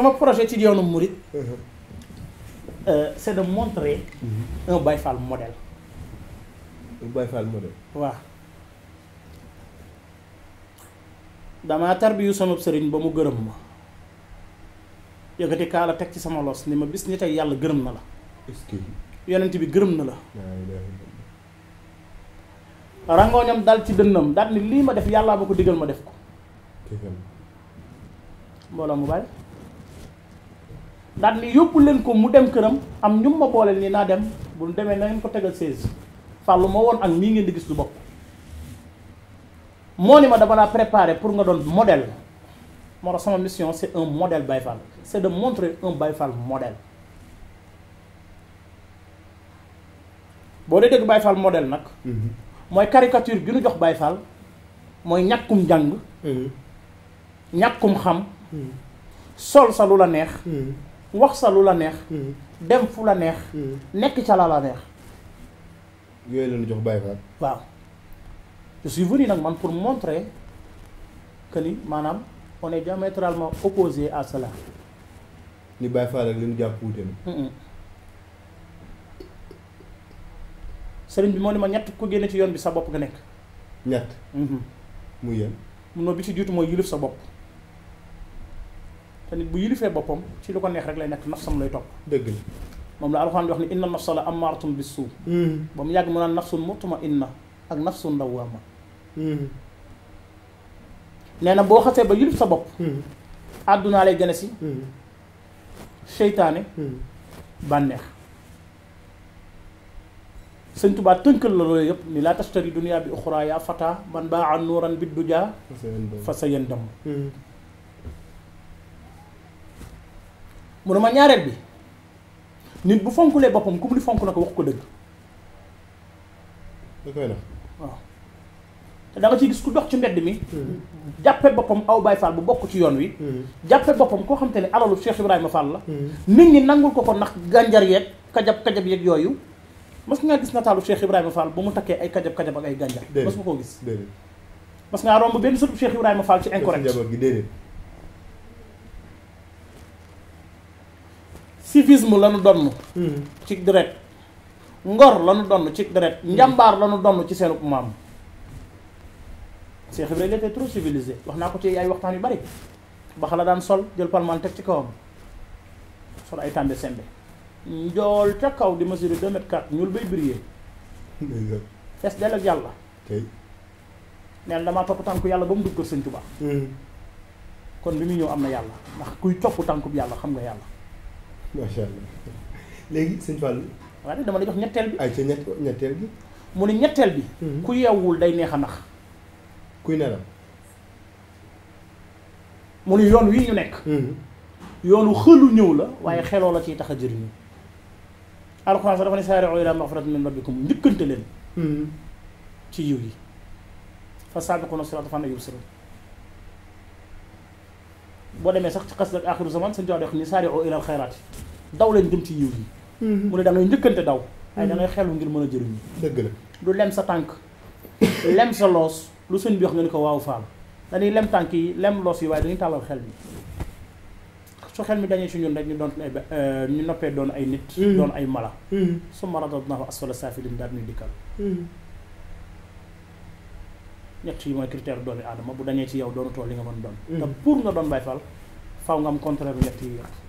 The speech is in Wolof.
sama projet ci yoonu Mouride. Mhm. Euh, c'est de montrer. Mhm. un Baye Fall modèle. un sama sëriñ ba mu gërëm ma yëkkati teg ci sama los ni ma bis ni tey yàlla gërëm na la. est-ce que. bi gërëm na la. rangooñam dal ci dënnam daal ni lii ma def yàllaa ba ko digal ma def ko. mbooloo mu daal ni yóbbu leen ko mu dem këram am ñum ma bolé ni na dem bu ñu demee na ngeen ko tégal 16 fallu moo won ak nii ngeen di gis du bok moo ni ma dama laa préparer pour nga don modèle mo tax sama mission c'est un modèle bayfal c'est de montrer un bayfal modèle boo dee dégg Baye Fall modèle nag mm-hmm. mooy caricature gi ñu jox bayfal moy ñakum jang jàng mm-hmm. ñàkkum xam mm-hmm. sol sa lu la neex wax sa lu la neex. Hmm. dem fu la neex. Hmm. nekk ca la la neex. yooyu la ñu jox Baye Fall. waaw je suis venu nag man pour montrer que ni maanaam on est diamétralement opposé à cela. ni Baye Fall ak li ñu jàpp wuute hmm, sëriñ bi moo ne ma ñett ku génne ci yoon bi sa bopp nga nekk. ñett. muy yéen. munoo bi ci jiitu mooy yilif sa bopp. te nit bu yilifé bopam ci lu ko neex rek lay nek nafsam lay top deug la mom la alquran di wax ni inna nafsala amartum bisu bam yag mo nan nafsun mutma inna ak nafsun dawama neena bo xasse ba yilif sa bop aduna lay gën ci si banex seigne touba teunkel la loolu yep ni la tashtari dunya bi ukhra ya fata man baa nuran bid bi duja fa munuma ñaareel bi nit bu fonkulee boppam ku mu ni fonk na ko wax ko dëgg. da koy def waaw. gis ku dox ci mbedd mi. Hmm. jàppe boppam aw Baay Faal bu bokk ci yoon wi. Hmm. jàppe boppam koo xam te ne alalu Cheikh Ibrahima Fall la. Hmm. nit ñi nangul ko ko ndax gànjar yeeg kajab kajab yeeg yooyu. mas nga gis nataalu Cheikh Ibrahima Fall ba mu takkee ay kajab kajab ak ay gànjar mas nga koo gis. déedéet mas ngaa romb benn sëtu Cheikh Ibrahima Fall ci incorrect. civisme lañu nu donn hmm. ci deret ngor lañu nu donn ci deret hmm. njambar lañu nu donn ci senu mam Cheikh ibrahim était trop civilisé waxna ko ci ay waxtan yu bari baxa la dan sol jël palman tek ci kawam sol ay tambe sembe ndol ta kaw di mesure 2 mètres 4 ñul bay briller fess del ak yalla tay nel dama top tanku yalla mu duggal kër touba Tuubaa hmm. kon bi mi ñew amna yalla ndax kuy topp tànkub yalla xam nga yàlla macha allah léegi sëñ Fallou. waaw dama lay jox ñetteel bi. ay ca ñett ñetteel bi. mu ne ñetteel bi. ku yeewul day neex a nax. kuy nelaw. mu ne yoon wii ñu nekk. yoonu xëlu ñëw la waaye xeloo la ciy tax a jëriñu. alxuraan sax dafa ne saari'u ilaa magfiratin min rabbikum njëkkante leen. ci yiw yi. fa saabiquuna siraatan fan yubsiruun بودا ميسك تقصد آخر الزمان سنجاد يخني سارعوا إلى الخيرات داو لين دمتي يوجي مولي دانا يندكن تداو هاي دانا يخيلون جل مولا جرمي دقل دو لم ستانك لم سلوس لو سن بيخ نلك واو فال داني لم تانكي لم لوس يواي دانين تالو خيلمي شو خيلمي داني شو نيون داني دون اي نيون اي نيت دون اي مالا سو مالا دادنا أسفل السافلين دارني ديكال ñett yi mooy critère doomi aadama bu dañee ci yow doonu tool li nga mën doon mm. te pour nga doon Baay Faal faw nga am contraire bu ñett yi